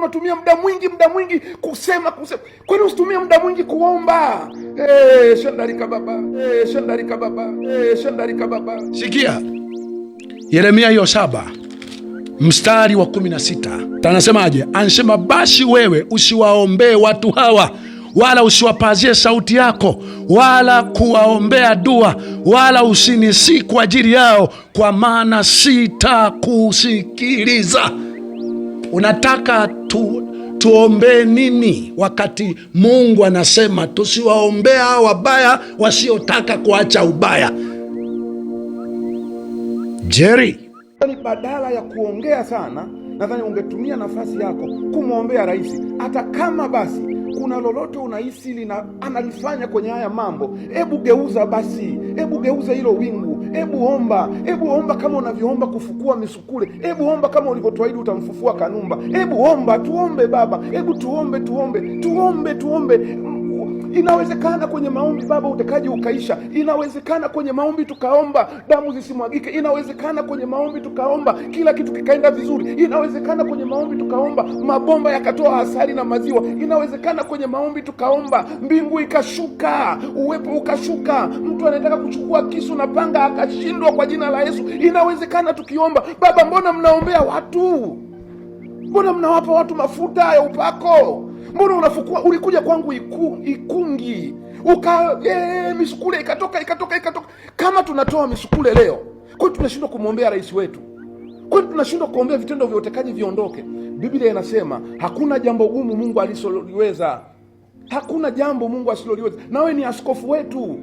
unatumia muda mwingi muda mwingi kusema kusema, kwani usitumie muda mwingi kuomba? Hey, eh, shandarika baba hey, eh, shandarika baba hey, eh, shandarika baba. Sikia Yeremia hiyo saba mstari wa kumi na sita tanasemaje? Anasema, basi wewe usiwaombee watu hawa wala usiwapazie sauti yako wala kuwaombea dua wala usinisii kwa ajili yao, kwa maana sitakusikiliza. Unataka tu, tuombee nini wakati Mungu anasema tusiwaombea hao wabaya wasiotaka kuacha ubaya? Jerry, badala ya kuongea sana, nadhani ungetumia nafasi yako kumwombea rais, hata kama basi kuna lolote unahisi lina analifanya kwenye haya mambo, hebu geuza basi, hebu geuza hilo wingu, hebu omba, hebu omba kama unavyoomba kufukua misukule, hebu omba kama ulivyotwaidi utamfufua Kanumba, hebu omba, tuombe Baba, hebu tuombe, tuombe, tuombe, tuombe. Inawezekana kwenye maombi Baba utekaji ukaisha. Inawezekana kwenye maombi tukaomba damu zisimwagike. Inawezekana kwenye maombi tukaomba kila kitu kikaenda vizuri. Inawezekana kwenye maombi tukaomba mabomba yakatoa asali na maziwa. Inawezekana kwenye maombi tukaomba mbingu ikashuka, uwepo ukashuka. Mtu anataka kuchukua kisu na panga akashindwa kwa jina la Yesu. Inawezekana tukiomba. Baba, mbona mnaombea watu? Mbona mnawapa watu mafuta ya upako? mbona unafukua? Ulikuja kwangu iku, Ikungi uka ee, misukule ikatoka ikatoka ikatoka. Kama tunatoa misukule leo, kwani tunashindwa kumwombea rais wetu? Kwani tunashindwa kuombea vitendo vya utekaji viondoke? Biblia inasema hakuna jambo gumu Mungu alisoliweza hakuna jambo Mungu asiloliweza. Nawe ni askofu wetu,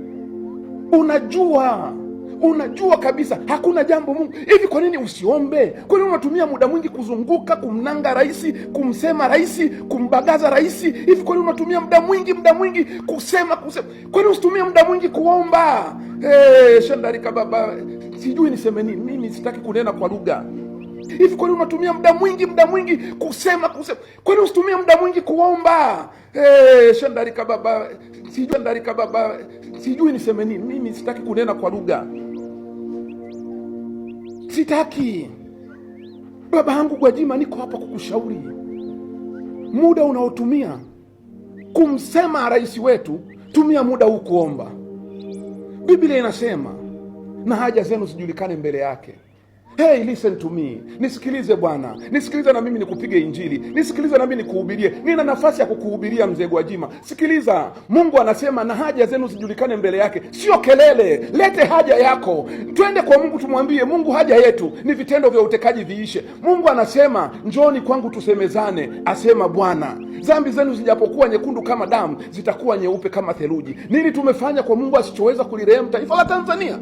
unajua unajua kabisa hakuna jambo Mungu hivi. Kwa nini usiombe? Kwa nini unatumia muda mwingi kuzunguka kumnanga rahisi kumsema rahisi kumbagaza rahisi Hivi kwa nini unatumia muda mwingi muda mwingi kusema kusema? Kwa nini usitumie muda mwingi kuomba? Hey, eh, shandarika baba, sijui niseme nini mimi, sitaki kunena kwa lugha hivi kwani unatumia muda mwingi muda mwingi kusema kusema? Kwani usitumie muda mwingi kuomba? Hey, eh, shandarika baba, sijui, shandarika baba, sijui niseme nini mimi, sitaki kunena kwa lugha. Sitaki baba yangu Gwajima, niko hapa kukushauri. Muda unaotumia kumsema rais wetu, tumia muda huu kuomba. Biblia inasema na haja zenu zijulikane mbele yake. Hey, listen to me, nisikilize bwana, nisikilize na mimi nikupige injili, nisikilize na mimi nikuhubirie. Nina nafasi ya kukuhubiria mzee Gwajima. Sikiliza, Mungu anasema na haja zenu zijulikane mbele yake, sio kelele. Lete haja yako, twende kwa Mungu tumwambie Mungu haja yetu, ni vitendo vya utekaji viishe. Mungu anasema njoni kwangu tusemezane, asema Bwana, dhambi zenu zijapokuwa nyekundu kama damu, zitakuwa nyeupe kama theluji. Nini tumefanya kwa Mungu asichoweza kulirehemu taifa la Tanzania?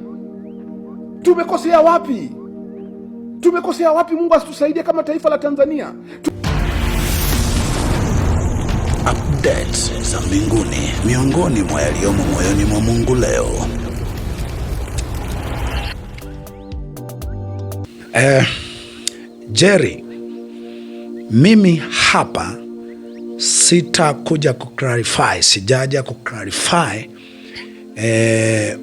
Tumekosea wapi? Tumekosea wapi? Mungu asitusaidie kama taifa la Tanzania. Updates za mbinguni, miongoni mwa yaliyomo moyoni mwa Mungu leo. Eh, Jerry, mimi hapa sitakuja kuclarify, sijaja kuclarify eh,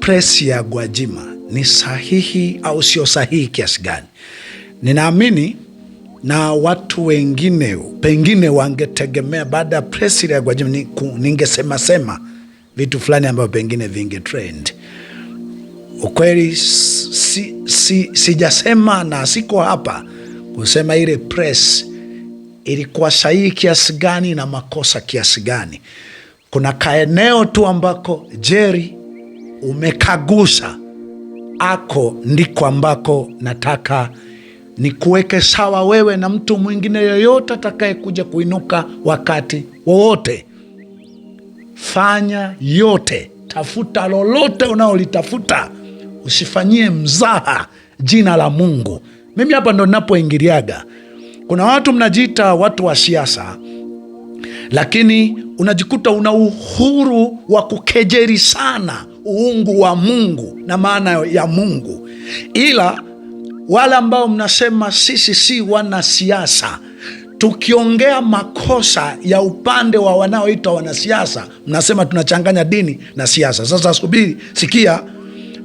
presi ya Gwajima ni sahihi au sio sahihi kiasi gani. Ninaamini na watu wengine pengine wangetegemea baada ya press ile ya ningesema sema vitu fulani ambavyo pengine vinge trend. Ukweli si, si, sijasema na siko hapa kusema ile press ilikuwa sahihi kiasi gani na makosa kiasi gani. Kuna kaeneo tu ambako Jerry umekagusa ako ndiko ambako nataka nikuweke sawa wewe na mtu mwingine yoyote atakayekuja kuinuka wakati wowote. Fanya yote, tafuta lolote unaolitafuta, usifanyie mzaha jina la Mungu. Mimi hapa ndo ninapoingiliaga. Kuna watu mnajiita watu wa siasa, lakini unajikuta una uhuru wa kukejeri sana uungu wa Mungu na maana ya Mungu, ila wale ambao mnasema sisi si wanasiasa tukiongea makosa ya upande wa wanaoitwa wanasiasa, mnasema tunachanganya dini na siasa. Sasa subiri, sikia,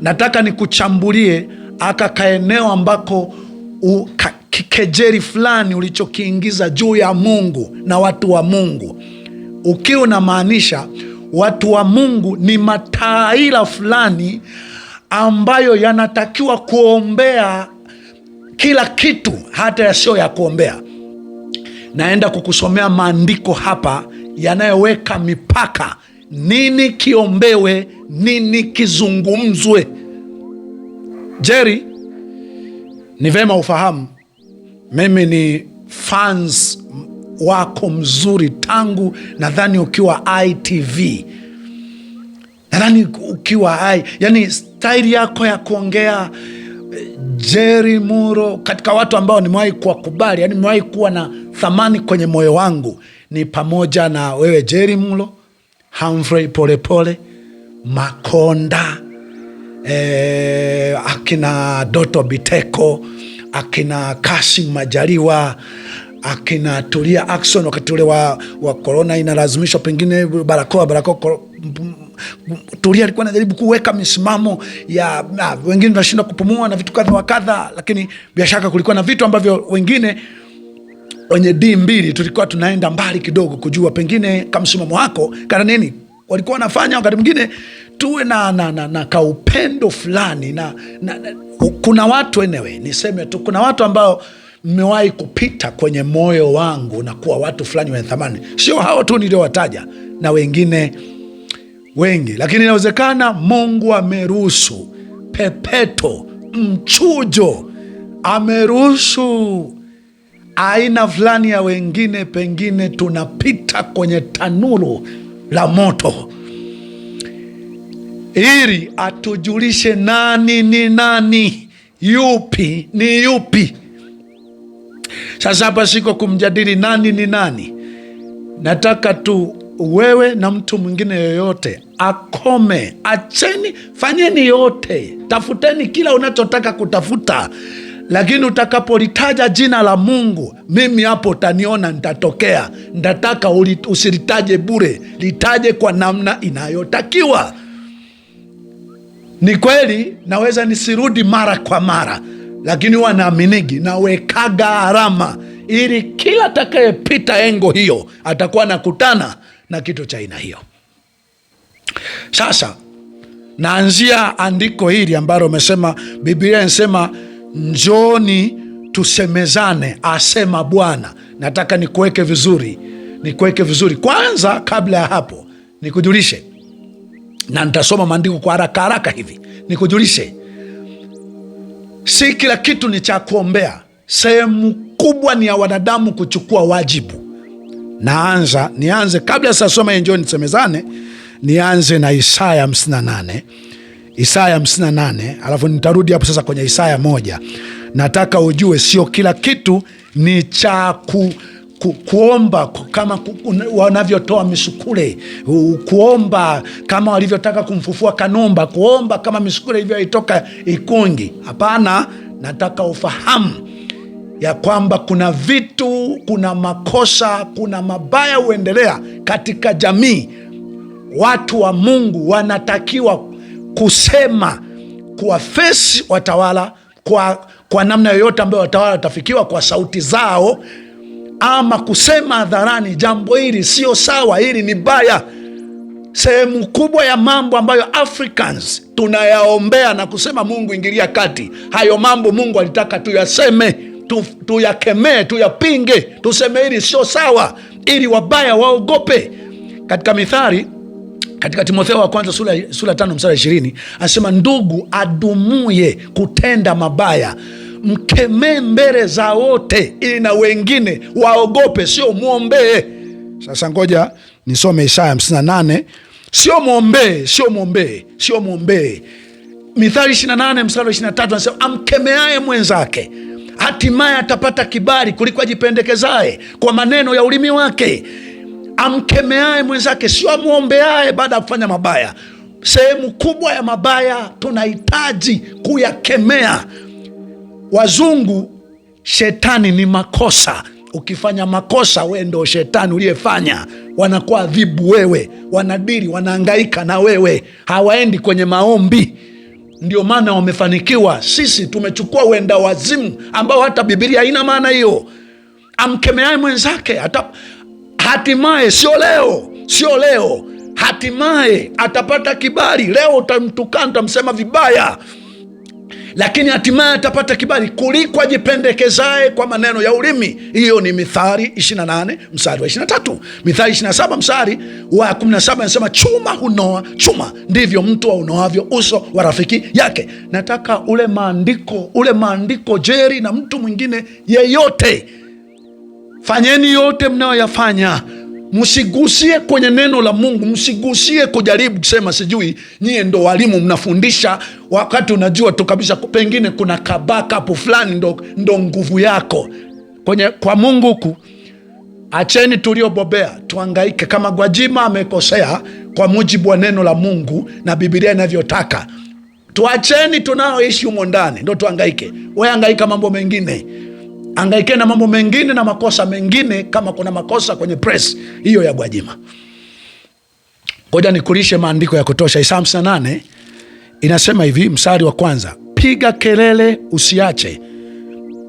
nataka nikuchambulie aka kaeneo ambako u, ka, kikejeri fulani ulichokiingiza juu ya Mungu na watu wa Mungu, ukiwa unamaanisha watu wa Mungu ni mataila fulani ambayo yanatakiwa kuombea kila kitu, hata yasiyo ya kuombea. Naenda kukusomea maandiko hapa yanayoweka mipaka, nini kiombewe, nini kizungumzwe. Jerry, ni vema ufahamu mimi ni fans wako mzuri tangu nadhani ukiwa ITV, nadhani ukiwa ai, yani staili yako ya kuongea eh, Jerry Muro, katika watu ambao nimewahi kuwakubali, yani nimewahi kuwa na thamani kwenye moyo wangu ni pamoja na wewe Jerry Muro, Humphrey Polepole, Makonda, eh, akina Doto Biteko akina Kashim Majaliwa akina Tulia Ackson wakati ule wa, wa korona inalazimishwa pengine barakoa barakoa. kor... Tulia alikuwa anajaribu kuweka misimamo ya na, wengine tunashindwa kupumua na vitu kadha wa kadha, lakini bila shaka kulikuwa na vitu ambavyo wengine wenye D mbili tulikuwa tunaenda mbali kidogo kujua pengine kamsimamo wako kana nini walikuwa wanafanya. Wakati mwingine tuwe na, na, na, na kaupendo fulani na, na, na, kuna watu enewe niseme tu kuna watu ambao mmewahi kupita kwenye moyo wangu na kuwa watu fulani wenye thamani, sio hao tu niliowataja na wengine wengi, lakini inawezekana Mungu ameruhusu pepeto, mchujo, ameruhusu aina fulani ya wengine, pengine tunapita kwenye tanuru la moto ili atujulishe nani ni nani, yupi ni yupi. Sasa hapa siko kumjadili nani ni nani, nataka tu wewe na mtu mwingine yoyote akome. Acheni, fanyeni yote, tafuteni kila unachotaka kutafuta, lakini utakapolitaja jina la Mungu, mimi hapo utaniona, nitatokea. Ntataka usilitaje bure, litaje kwa namna inayotakiwa. Ni kweli naweza nisirudi mara kwa mara lakini huwa naaminigi nawekaga harama ili kila atakayepita engo hiyo atakuwa nakutana na kitu cha aina hiyo. Sasa naanzia andiko hili ambalo umesema, Biblia inasema njoni tusemezane, asema Bwana. Nataka nikuweke vizuri, nikuweke vizuri. Kwanza kabla ya hapo, nikujulishe na nitasoma maandiko kwa haraka haraka hivi, nikujulishe si kila kitu ni cha kuombea. Sehemu kubwa ni ya wanadamu kuchukua wajibu. Naanza nianze kabla sasoma yenjeo, nisemezane, nianze na Isaya 58 Isaya 58, alafu nitarudi hapo sasa kwenye Isaya moja. Nataka ujue sio kila kitu ni cha ku ku, kuomba kama wanavyotoa misukule, kuomba kama walivyotaka kumfufua Kanumba, kuomba kama misukule hivyo itoka Ikungi. Hapana, nataka ufahamu ya kwamba kuna vitu, kuna makosa, kuna mabaya huendelea katika jamii. Watu wa Mungu wanatakiwa kusema, kuwafesi watawala kwa, kwa namna yoyote ambayo watawala watafikiwa kwa sauti zao ama kusema hadharani jambo hili sio sawa, hili ni baya. Sehemu kubwa ya mambo ambayo Africans tunayaombea na kusema Mungu ingilia kati, hayo mambo Mungu alitaka tuyaseme, tuyakemee, tuyapinge, tuseme hili sio sawa, ili wabaya waogope. Katika Mithali, katika Timotheo wa kwanza sura, sura tano mstari ishirini anasema ndugu adumuye kutenda mabaya mkemee mbele za wote, ili na wengine waogope, sio mwombee. Sasa ngoja nisome Isaya 58. Sio mwombee, sio mwombee, sio mwombee. Mithali 28 mstari 23 anasema amkemeaye mwenzake hatimaye atapata kibali kuliko ajipendekezaye kwa maneno ya ulimi wake. Amkemeaye mwenzake, sio amwombeaye baada ya kufanya mabaya. Sehemu kubwa ya mabaya tunahitaji kuyakemea wazungu, shetani ni makosa. Ukifanya makosa, we ndo shetani uliyefanya. dhibu wewe, wanadiri, wanaangaika na wewe, hawaendi kwenye maombi. Ndio maana wamefanikiwa. Sisi tumechukua uenda wazimu ambao hata Bibilia haina maana hiyo. Amkemeaye mwenzake hata hatimaye, sio leo, sio leo, hatimaye atapata kibali. Leo utamtukana, utamsema vibaya lakini hatimaye atapata kibali kuliko ajipendekezae kwa maneno ya ulimi. Hiyo ni Mithali 28 mstari wa 23. Mithali 27 mstari wa 17 anasema, chuma hunoa chuma, ndivyo mtu aunoavyo uso wa rafiki yake. Nataka ule maandiko ule maandiko Jeri na mtu mwingine yeyote, fanyeni yote mnayoyafanya msigusie kwenye neno la Mungu, msigusie kujaribu kusema sijui nyie ndo walimu mnafundisha, wakati unajua tu kabisa pengine kuna kabaka hapo fulani ndo, ndo nguvu yako kwenye kwa Mungu huku. Acheni tuliobobea tuangaike. Kama Gwajima amekosea kwa mujibu wa neno la Mungu na Bibilia inavyotaka, tuacheni tunaoishi humo ndani ndo tuangaike, weangaika mambo mengine. Angaikeni na mambo mengine na makosa mengine, kama kuna makosa kwenye press hiyo ya Gwajima. Ngoja nikulishe maandiko ya kutosha. Isaya 58 inasema hivi, mstari wa kwanza: piga kelele usiache,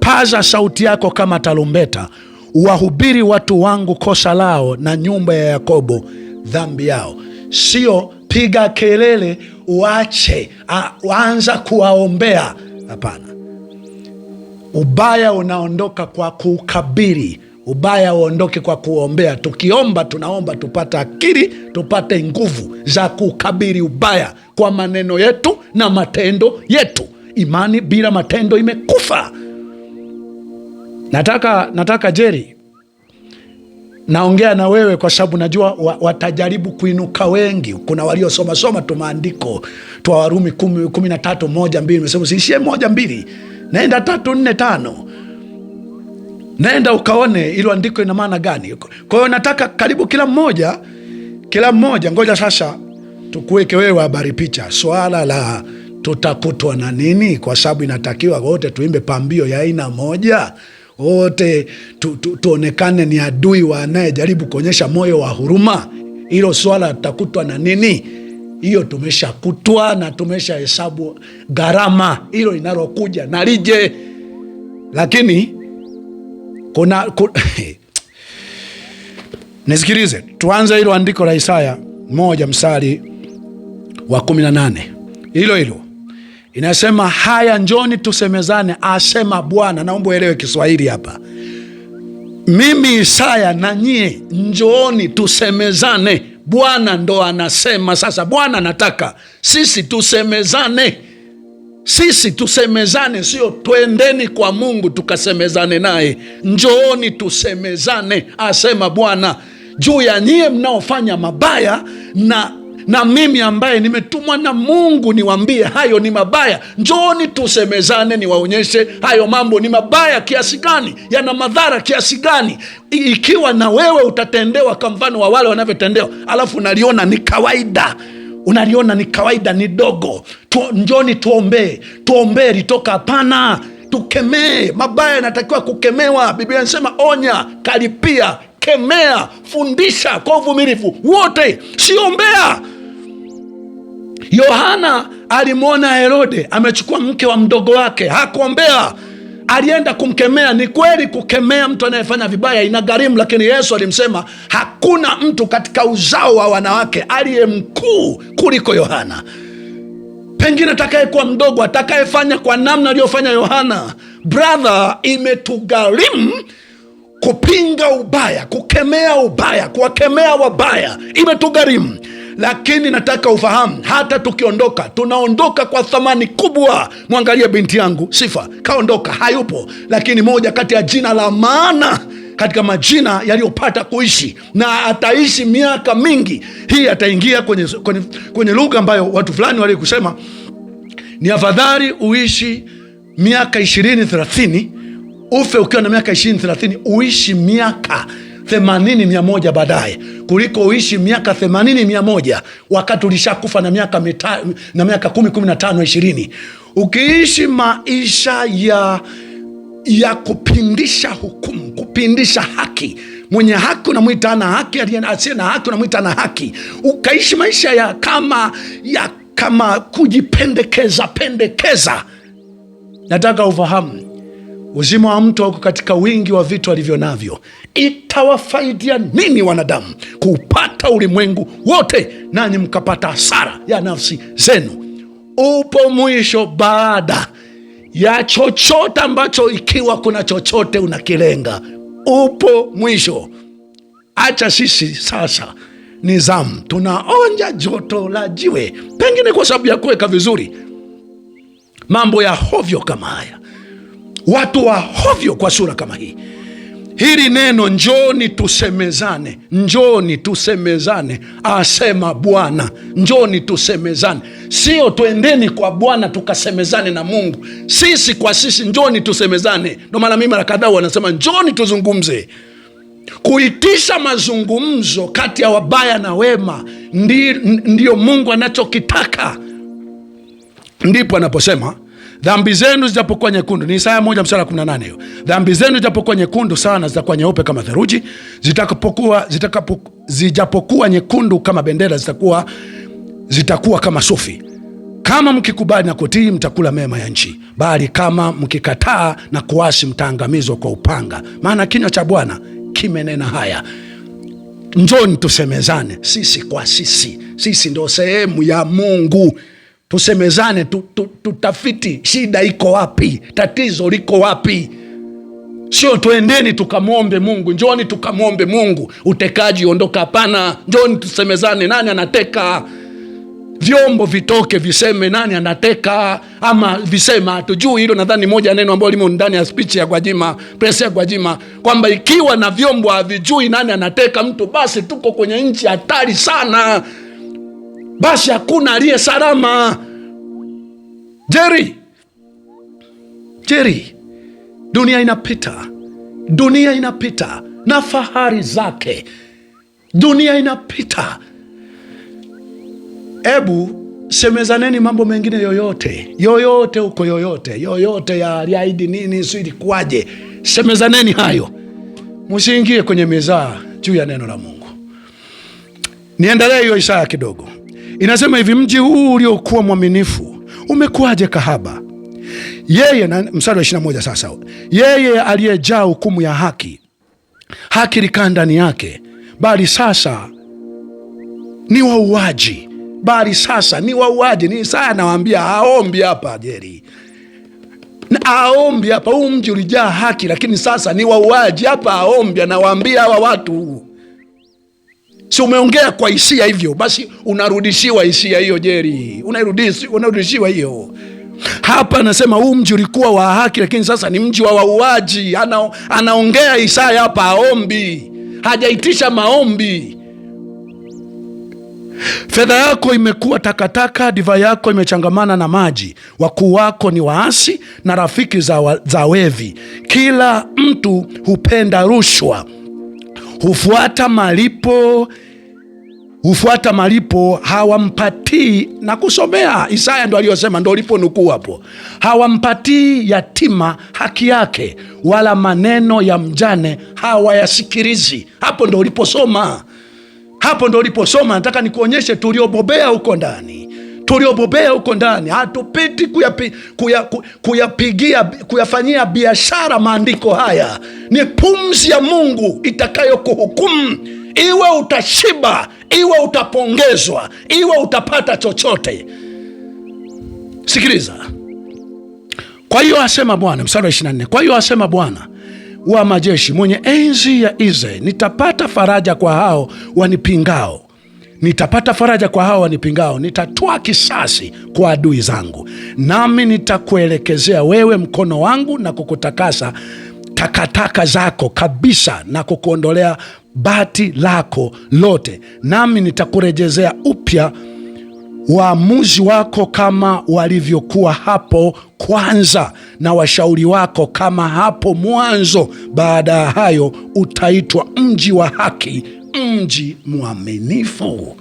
paza sauti yako kama tarumbeta, wahubiri watu wangu kosa lao, na nyumba ya Yakobo dhambi yao. Sio piga kelele uache, anza kuwaombea. Hapana. Ubaya unaondoka kwa kuukabiri, ubaya uondoke kwa kuombea. Tukiomba tunaomba tupate akili, tupate nguvu za kukabiri ubaya kwa maneno yetu na matendo yetu. Imani bila matendo imekufa. Nataka, nataka Jeri, naongea na wewe kwa sababu najua watajaribu kuinuka wengi. Kuna waliosomasoma tu maandiko twa Warumi kumi na tatu moja mbili, mesema siishie moja mbili Nenda tatu nne tano, nenda ukaone ilo andiko ina maana gani. Kwa hiyo nataka karibu kila mmoja kila mmoja, ngoja sasa tukuweke wewe habari picha, swala la tutakutwa na nini, kwa sababu inatakiwa wote tuimbe pambio ya aina moja wote tu, tu, tuonekane ni adui wa anayejaribu kuonyesha moyo wa huruma. Hilo swala tutakutwa na nini hiyo tumeshakutwa na tumesha hesabu gharama hilo linalokuja na lije, lakini kuna, ku... nisikilize, tuanze hilo andiko la Isaya moja msari wa 18 hilo hilo inasema, haya njoni tusemezane, asema Bwana. Naomba uelewe Kiswahili hapa, mimi Isaya na nyie, njooni tusemezane Bwana ndo anasema sasa. Bwana anataka sisi tusemezane, sisi tusemezane, sio twendeni kwa Mungu tukasemezane naye. Njooni tusemezane, asema Bwana juu ya nyie mnaofanya mabaya na na mimi ambaye nimetumwa na Mungu niwambie hayo ni mabaya. Njooni tusemezane, niwaonyeshe hayo mambo ni mabaya kiasi gani, yana madhara kiasi gani. Ikiwa na wewe utatendewa kwa mfano wa wale wanavyotendewa, alafu unaliona ni kawaida unaliona ni kawaida, ni dogo tu. Njoni tuombee, tuombee litoka, hapana, tukemee. Mabaya yanatakiwa kukemewa. Biblia inasema onya, kalipia, kemea, fundisha kwa uvumilivu wote, siombea Yohana alimwona Herode amechukua mke wa mdogo wake, hakuombea, alienda kumkemea. Ni kweli kukemea mtu anayefanya vibaya inagharimu, lakini Yesu alimsema hakuna mtu katika uzao wa wanawake aliye mkuu kuliko Yohana, pengine atakayekuwa mdogo, atakayefanya kwa namna aliyofanya Yohana. Brother, imetugharimu kupinga ubaya, kukemea ubaya, kuwakemea wabaya, imetugharimu lakini nataka ufahamu, hata tukiondoka tunaondoka kwa thamani kubwa. Mwangalie binti yangu Sifa, kaondoka, hayupo, lakini moja kati ya jina la maana katika majina yaliyopata kuishi na ataishi miaka mingi. Hii ataingia kwenye, kwenye, kwenye lugha ambayo watu fulani walikusema ni afadhali uishi miaka ishirini thelathini ufe ukiwa na miaka ishirini thelathini uishi miaka themanini mia moja baadaye kuliko uishi miaka themanini mia moja wakati ulishakufa na miaka mita, na miaka kumi kumi na tano ishirini ukiishi maisha ya ya kupindisha hukumu, kupindisha haki. Mwenye haki unamwita ana haki, asiye na haki unamwita ana haki, ukaishi maisha ya kama ya kama kujipendekeza pendekeza. Nataka ufahamu Uzima wa mtu hauko katika wingi wa vitu alivyo navyo. Itawafaidia nini wanadamu kupata ulimwengu wote, nanyi mkapata hasara ya nafsi zenu? Upo mwisho baada ya chochote ambacho, ikiwa kuna chochote unakilenga, upo mwisho. Acha sisi sasa ni zamu, tunaonja joto la jiwe, pengine kwa sababu ya kuweka vizuri mambo ya hovyo kama haya watu wa hovyo kwa sura kama hii. Hili neno njoni tusemezane, njoni tusemezane, asema Bwana. Njoni tusemezane, sio twendeni kwa Bwana tukasemezane na Mungu sisi kwa sisi. Njoni tusemezane. Ndo maana mimi mara kadhaa wanasema njoni tuzungumze. Kuitisha mazungumzo kati ya wabaya na wema ndiyo Mungu anachokitaka, ndipo anaposema dhambi zenu zitapokuwa nyekundu, ni Isaya moja mstari wa kumi na nane hiyo. Dhambi zenu zitapokuwa nyekundu sana, zitakuwa nyeupe kama theruji zitakapokuwa zitakapo, zijapokuwa nyekundu kama bendera, zitakuwa zitakuwa kama sufi. Kama mkikubali na kutii, mtakula mema ya nchi, bali kama mkikataa na kuasi, mtaangamizwa kwa upanga, maana kinywa cha Bwana kimenena haya. Njoni tusemezane sisi kwa sisi, sisi ndo sehemu ya Mungu tusemezane, tutafiti shida iko wapi, tatizo liko wapi. Sio tuendeni tukamwombe Mungu, njoni tukamwombe Mungu utekaji ondoka. Hapana, njoni tusemezane, nani anateka vyombo vitoke viseme nani anateka, ama visema hatujui. Hilo nadhani moja neno ambayo limo ndani ya spichi ya Gwajima, presi ya Gwajima, kwamba ikiwa na vyombo havijui nani anateka mtu, basi tuko kwenye nchi hatari sana basi hakuna aliye salama. Jerry, Jerry, dunia inapita, dunia inapita na fahari zake, dunia inapita. Ebu semezaneni mambo mengine yoyote yoyote huko yoyote yoyote ya aliahidi nini, si ilikuwaje? Semezaneni hayo, musiingie kwenye mizaa juu ya neno la Mungu. Niendelee hiyo Isaya kidogo. Inasema hivi, mji huu uliokuwa mwaminifu umekuwaje kahaba? Yeye na mstari wa 21 sasa, yeye aliyejaa hukumu ya haki, haki likaa ndani yake, bali sasa ni wauaji, bali sasa ni wauaji. Ni saa nawambia aombi hapa jeri aombi hapa. Huu mji ulijaa haki, lakini sasa ni wauaji hapa. Aombi anawaambia hawa watu Si umeongea kwa hisia hivyo, basi unarudishiwa hisia hiyo. Jeri, unarudishiwa hiyo. Hapa anasema huu mji ulikuwa wa haki, lakini sasa ni mji wa wauaji. Ana, anaongea Isaya hapa, aombi, hajaitisha maombi. Fedha yako imekuwa takataka, divai yako imechangamana na maji, wakuu wako ni waasi na rafiki za, wa, za wevi. Kila mtu hupenda rushwa, hufuata malipo hufuata malipo, hawampatii na kusomea. Isaya ndo aliyosema, ndo nukuu hapo, hawampatii yatima haki yake, wala maneno ya mjane hawayasikilizi. Hapo ndo uliposoma, hapo ndo uliposoma. Nataka nikuonyeshe tuliobobea huko ndani tuliobobea huko ndani hatupiti kuyapi, kuyapigia kuyafanyia biashara maandiko haya. Ni pumzi ya Mungu itakayokuhukumu, iwe utashiba, iwe utapongezwa, iwe utapata chochote. Sikiliza. Kwa hiyo asema Bwana, mstari wa 24, kwa hiyo asema Bwana wa majeshi mwenye enzi ya Israeli, nitapata faraja kwa hao wanipingao nitapata faraja kwa hawa wanipingao, nitatoa kisasi kwa adui zangu, nami nitakuelekezea wewe mkono wangu na kukutakasa takataka zako kabisa na kukuondolea bati lako lote, nami nitakurejezea upya waamuzi wako kama walivyokuwa hapo kwanza, na washauri wako kama hapo mwanzo. Baada ya hayo utaitwa mji wa haki mji mwaminifu.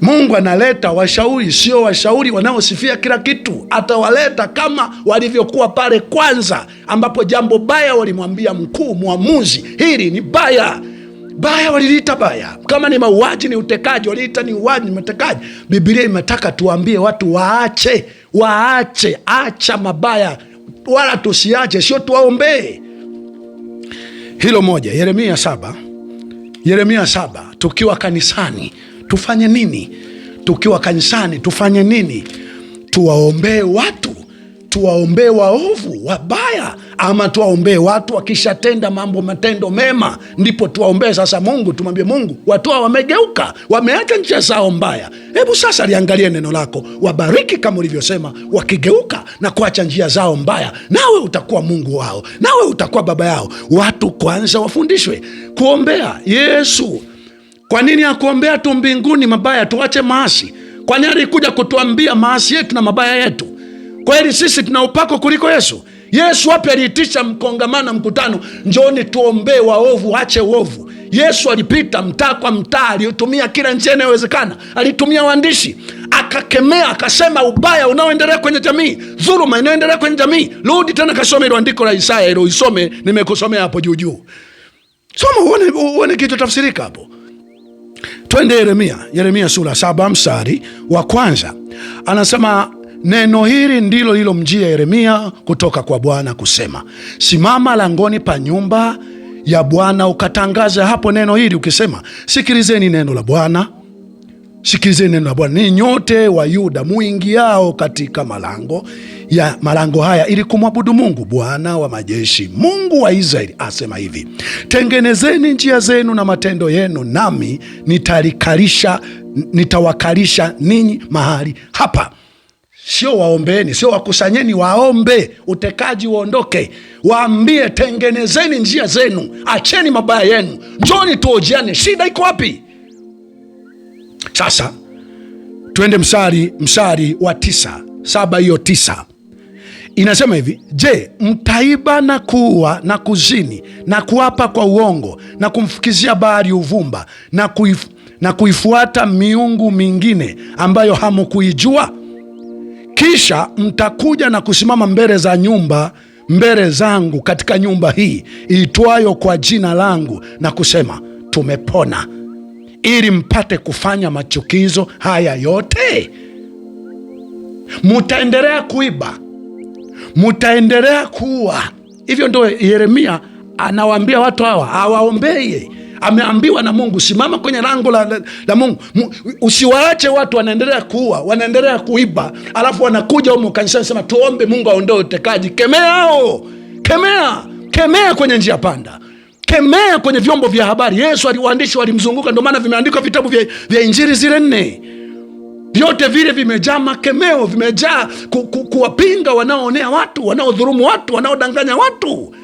Mungu analeta washauri, sio washauri wanaosifia kila kitu. Atawaleta kama walivyokuwa pale kwanza, ambapo jambo baya walimwambia mkuu mwamuzi, hili ni baya baya, waliliita baya. Kama ni mauaji, ni utekaji, waliita ni uaji, ni utekaji. Bibilia imetaka tuwambie watu waache, waache, acha mabaya, wala tusiache, sio tuwaombee. Hilo moja. Yeremia saba Yeremia saba, tukiwa kanisani tufanye nini? Tukiwa kanisani tufanye nini? Tuwaombee watu tuwaombee waovu wabaya, ama tuwaombee watu wakishatenda mambo matendo mema? Ndipo tuwaombee sasa Mungu, tumwambie Mungu watu hawa wamegeuka, wameacha njia zao mbaya. Hebu sasa liangalie neno lako, wabariki kama ulivyosema, wakigeuka na kuacha njia zao mbaya, nawe utakuwa Mungu wao, nawe utakuwa baba yao. Watu kwanza wafundishwe kuombea Yesu. Kwa nini akuombea tu mbinguni mabaya, tuache maasi? Kwani alikuja kutuambia maasi yetu na mabaya yetu? Kweli sisi tuna upako kuliko Yesu? Yesu wapi aliitisha mkongamano, mkutano, njooni tuombee waovu, wache uovu. Yesu alipita mtaa kwa mtaa, alitumia kila njia inayowezekana, alitumia waandishi akakemea, akasema ubaya unaoendelea kwenye jamii, dhuluma inayoendelea kwenye jamii. Rudi tena kasome ile andiko la Isaya ilo isome, nimekusomea hapo juu juu, soma uone, uone kitu tafsirika hapo. Twende Yeremia, Yeremia sura saba mstari wa kwanza anasema Neno hili ndilo lilomjia Yeremia kutoka kwa Bwana kusema, simama langoni pa nyumba ya Bwana ukatangaza hapo neno hili ukisema, sikilizeni neno la Bwana, sikilizeni neno la Bwana, ni nyote wa Yuda muingiao katika malango ya malango haya ili kumwabudu Mungu. Bwana wa majeshi, Mungu wa Israeli asema hivi, tengenezeni njia zenu na matendo yenu, nami nitalikalisha nitawakalisha ninyi mahali hapa sio waombeeni, sio wakusanyeni, waombe utekaji uondoke. Waambie, tengenezeni njia zenu, acheni mabaya yenu, njoni tuojiane. Shida iko wapi? Sasa twende msari, msari wa tisa, saba hiyo tisa inasema hivi: Je, mtaiba na kuua na kuzini na kuapa kwa uongo na kumfukizia bahari uvumba na, kuif, na kuifuata miungu mingine ambayo hamukuijua kisha mtakuja na kusimama mbele za nyumba mbele zangu katika nyumba hii iitwayo kwa jina langu, na kusema tumepona, ili mpate kufanya machukizo haya yote. Mutaendelea kuiba, mutaendelea kuua. Hivyo ndio Yeremia anawaambia watu hawa awaombeye ameambiwa na Mungu, simama kwenye lango la, la, la Mungu. Usiwaache watu wanaendelea kuua, wanaendelea kuiba, alafu wanakuja humo kanisani sema tuombe Mungu aondoe utekaji. Kemea hao, kemea, kemea kwenye njia panda kemea kwenye vyombo vya habari. Yesu aliwaandishi walimzunguka, ndio maana vimeandikwa vitabu vya, vya Injili zile nne, vyote vile vimejaa makemeo, vimejaa ku, ku, kuwapinga wanaoonea watu, wanaodhurumu watu, wanaodanganya watu.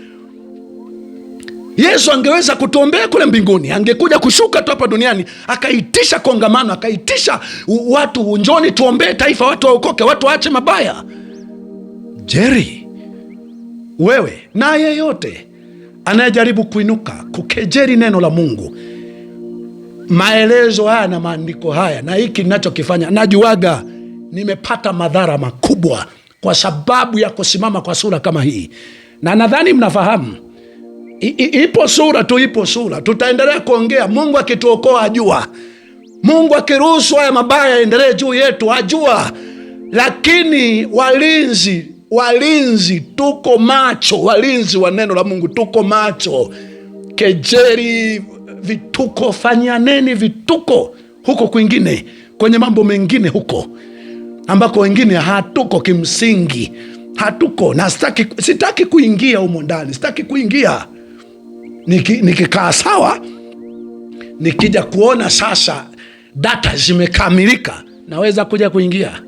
Yesu angeweza kutuombea kule mbinguni, angekuja kushuka tu hapa duniani, akaitisha kongamano, akaitisha watu, njoni tuombee taifa, watu waokoke, watu waache mabaya. Jerry, wewe na yeyote anayejaribu kuinuka kukejeri neno la Mungu, maelezo haya na maandiko haya na hiki ninachokifanya, najuaga nimepata madhara makubwa kwa sababu ya kusimama kwa sura kama hii, na nadhani mnafahamu ipo sura tu, ipo sura. Tutaendelea kuongea. Mungu akituokoa ajua, Mungu akiruhusu haya mabaya yaendelee juu yetu ajua, lakini walinzi, walinzi tuko macho, walinzi wa neno la Mungu tuko macho. Kejeri, vituko, fanyaneni vituko huko kwingine, kwenye mambo mengine huko ambako wengine hatuko kimsingi, hatuko na sitaki, sitaki kuingia humo ndani, sitaki kuingia nikikaa niki sawa, nikija kuona sasa data zimekamilika, naweza kuja kuingia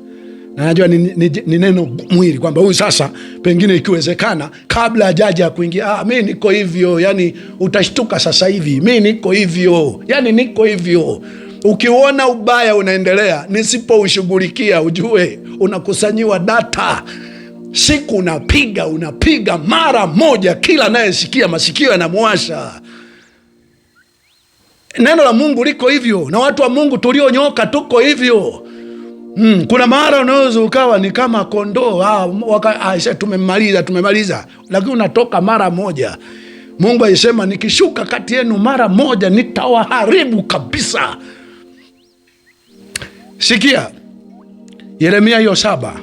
najua ni, ni, ni neno mwili kwamba huyu sasa, pengine ikiwezekana, kabla jaji ya kuingia, ah, mi niko hivyo yani, utashtuka sasa hivi mi niko hivyo yani, niko hivyo. Ukiuona ubaya unaendelea, nisipoushughulikia ujue unakusanyiwa data siku unapiga unapiga, mara moja, kila anayesikia masikio yanamwasha. Neno la Mungu liko hivyo, na watu wa Mungu tulionyoka tuko hivyo. Mm, kuna mara unaweza ukawa ni kama kondoo ah, ah, tumemaliza tumemaliza, lakini unatoka mara moja. Mungu alisema nikishuka kati yenu mara moja nitawaharibu kabisa. Sikia Yeremia hiyo saba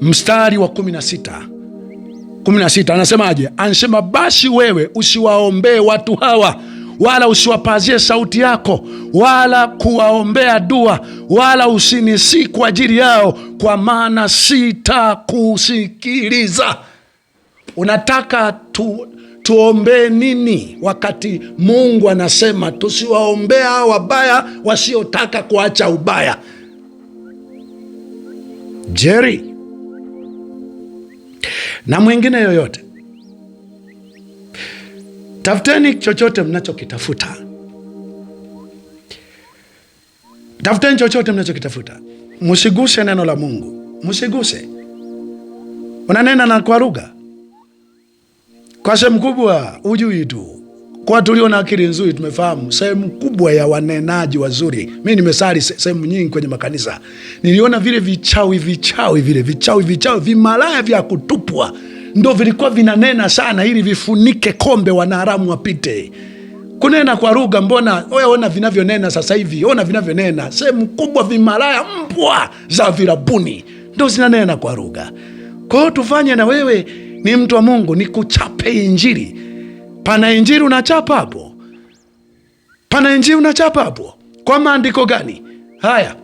mstari wa kumi na sita kumi na sita anasemaje? Anasema, basi wewe usiwaombee watu hawa wala usiwapazie sauti yako wala kuwaombea dua wala usinisi kwa ajili yao, kwa maana sitakusikiliza. Unataka tu, tuombee nini wakati Mungu anasema tusiwaombea hao wabaya wasiotaka kuacha ubaya? Jerry, na mwingine yoyote. Tafuteni chochote mnachokitafuta, tafuteni chochote mnachokitafuta, msiguse neno la Mungu, msiguse. Unanena na kwa lugha, kwa sehemu kubwa hujui tu kwa tulio na akili nzuri tumefahamu sehemu kubwa ya wanenaji wazuri. mi nimesali sehemu nyingi kwenye makanisa, niliona vile vichawi vichawi vile vichawi vichawi vimalaya vya kutupwa ndo vilikuwa vinanena sana, ili vifunike kombe wanaharamu wapite. Kunena kwa lugha, mbona wewe ona vinavyonena sasa hivi, ona vinavyonena sehemu kubwa, vimalaya, mbwa za virabuni ndo zinanena kwa lugha. Kwa hiyo tufanye na wewe ni mtu wa Mungu, kuchape Injili Pana injili unachapa hapo? Pana injili unachapa hapo? Kwa maandiko gani haya?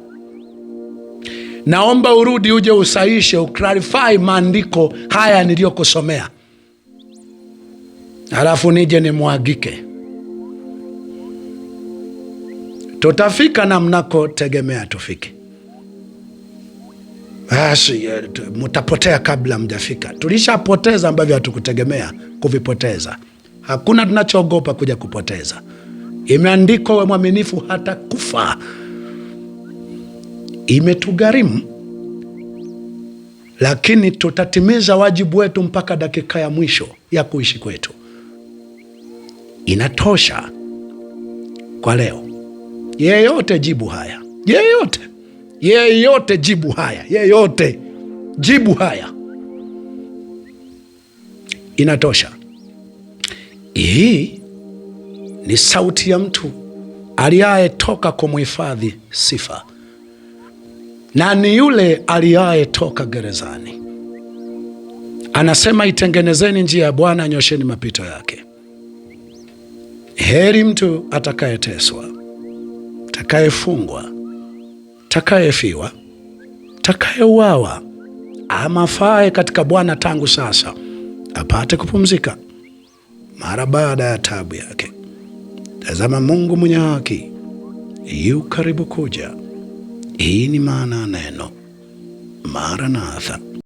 Naomba urudi uje usaishe, uklarify maandiko haya niliyokusomea, halafu nije nimwagike. Tutafika na mnakotegemea tufike, basi eh, mutapotea kabla mjafika. Tulishapoteza ambavyo hatukutegemea kuvipoteza. Hakuna tunachoogopa kuja kupoteza. Imeandikwa, we mwaminifu hata kufa. Imetugharimu, lakini tutatimiza wajibu wetu mpaka dakika ya mwisho ya kuishi kwetu. Inatosha kwa leo. Yeyote jibu haya, yeyote yeyote jibu haya, yeyote jibu haya, inatosha. Hii ni sauti ya mtu aliyetoka kumhifadhi sifa, na ni yule aliyetoka gerezani. Anasema, itengenezeni njia ya Bwana, nyosheni mapito yake. Heri mtu atakayeteswa, takayefungwa takayefiwa takayeuawa, amafae katika Bwana tangu sasa apate kupumzika mara baada ya tabu yake. Tazama, Mungu mwenye haki yu karibu kuja. Hii ni maana ya neno Maranatha.